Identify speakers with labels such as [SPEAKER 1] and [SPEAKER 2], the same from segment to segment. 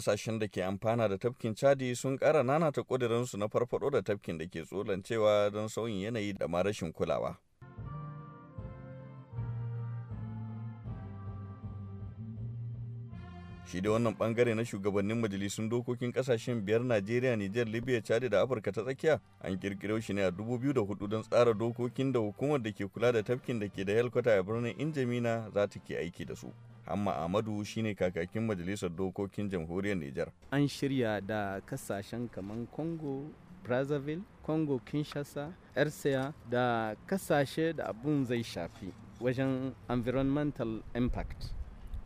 [SPEAKER 1] kasashen da ke amfana da tafkin Chadi sun kara ta nanata su na farfado da tafkin da ke tsolancewa don sauyin yanayi da ma rashin kulawa. shi da wannan bangare na shugabannin majalisun dokokin kasashen biyar najeriya nijar libya chadi da afirka ta tsakiya an kirkiro shi ne a 2004 don tsara dokokin da hukumar da ke kula da tafkin da ke da helkwata a birnin injamina za ta ke aiki da su amma amadu shine kakakin majalisar dokokin jamhuriyar Nijar.
[SPEAKER 2] An shirya da kasashen kamar Congo, Brazzaville, Congo Kinshasa, Ersea da kasashe da abun zai shafi wajen environmental impact.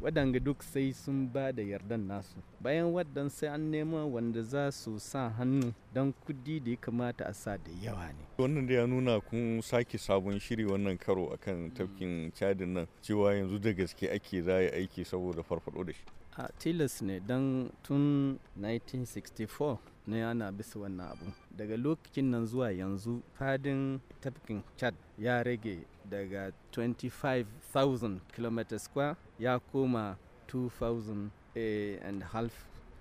[SPEAKER 2] waɗanga duk sai sun ba da yardan nasu bayan waɗan sai an nema wanda za su sa hannu don kudi da ya kamata a sa da yawa ne
[SPEAKER 1] wannan da ya nuna kun sake sabon shiri wannan karo akan mm. tafkin cadin nan cewa yanzu da gaske ake za aiki saboda farfado da shi
[SPEAKER 2] a tilas ne don tun 1964 na yana bisa wannan abu daga lokacin nan zuwa yanzu fadin tafkin chad ya rage daga 25,000 km 2 ya koma 2,500 and half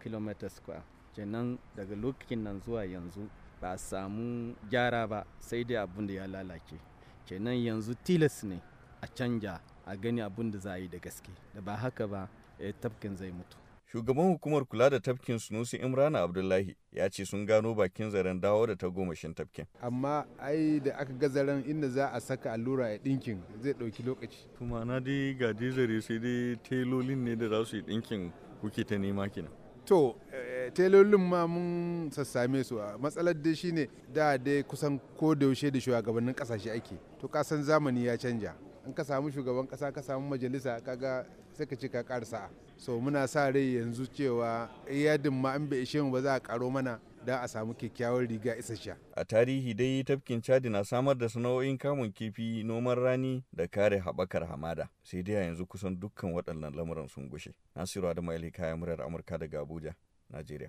[SPEAKER 2] km 2 kenan daga lokacin nan zuwa yanzu ba a samu gyara ba sai dai abin da ya lalace kenan yanzu tilas ne a canja a gani abun da za a yi da gaske da ba haka ba eh, tafkin zai mutu
[SPEAKER 1] Shugaban hukumar kula da tafkin Sunusi Imrana Abdullahi ya ce sun gano bakin zaren dawo da ta tagomashin tafkin.
[SPEAKER 3] Amma ai da aka ga zaren inda za a saka allura ya ɗinkin zai ɗauki lokaci.
[SPEAKER 1] kuma na dai ga zare sai dai telolin ne da za su yi ɗinkin kuke ta nema kenan.
[SPEAKER 3] To, eh, telolin ma mun sassame su matsalar dai shine da dai kusan ko da yaushe da shugabannin kasashe ake. To kasan zamani ya canja. in ka samu shugaban kasa ka samu majalisa kaga sai ka ce ka ƙara sa'a so muna sa rai yanzu cewa iyadin ma an bai ishe mu ba za a karo mana da a samu kyakkyawar riga isasshiya. A tarihi
[SPEAKER 1] dai tafkin Chadi na samar da sana'o'in kamun kifi, noman rani da kare haɓakar hamada. Sai dai yanzu kusan dukkan waɗannan lamuran sun gushe. Nasiru adama Ali kayan muryar Amurka daga Abuja, Najeriya.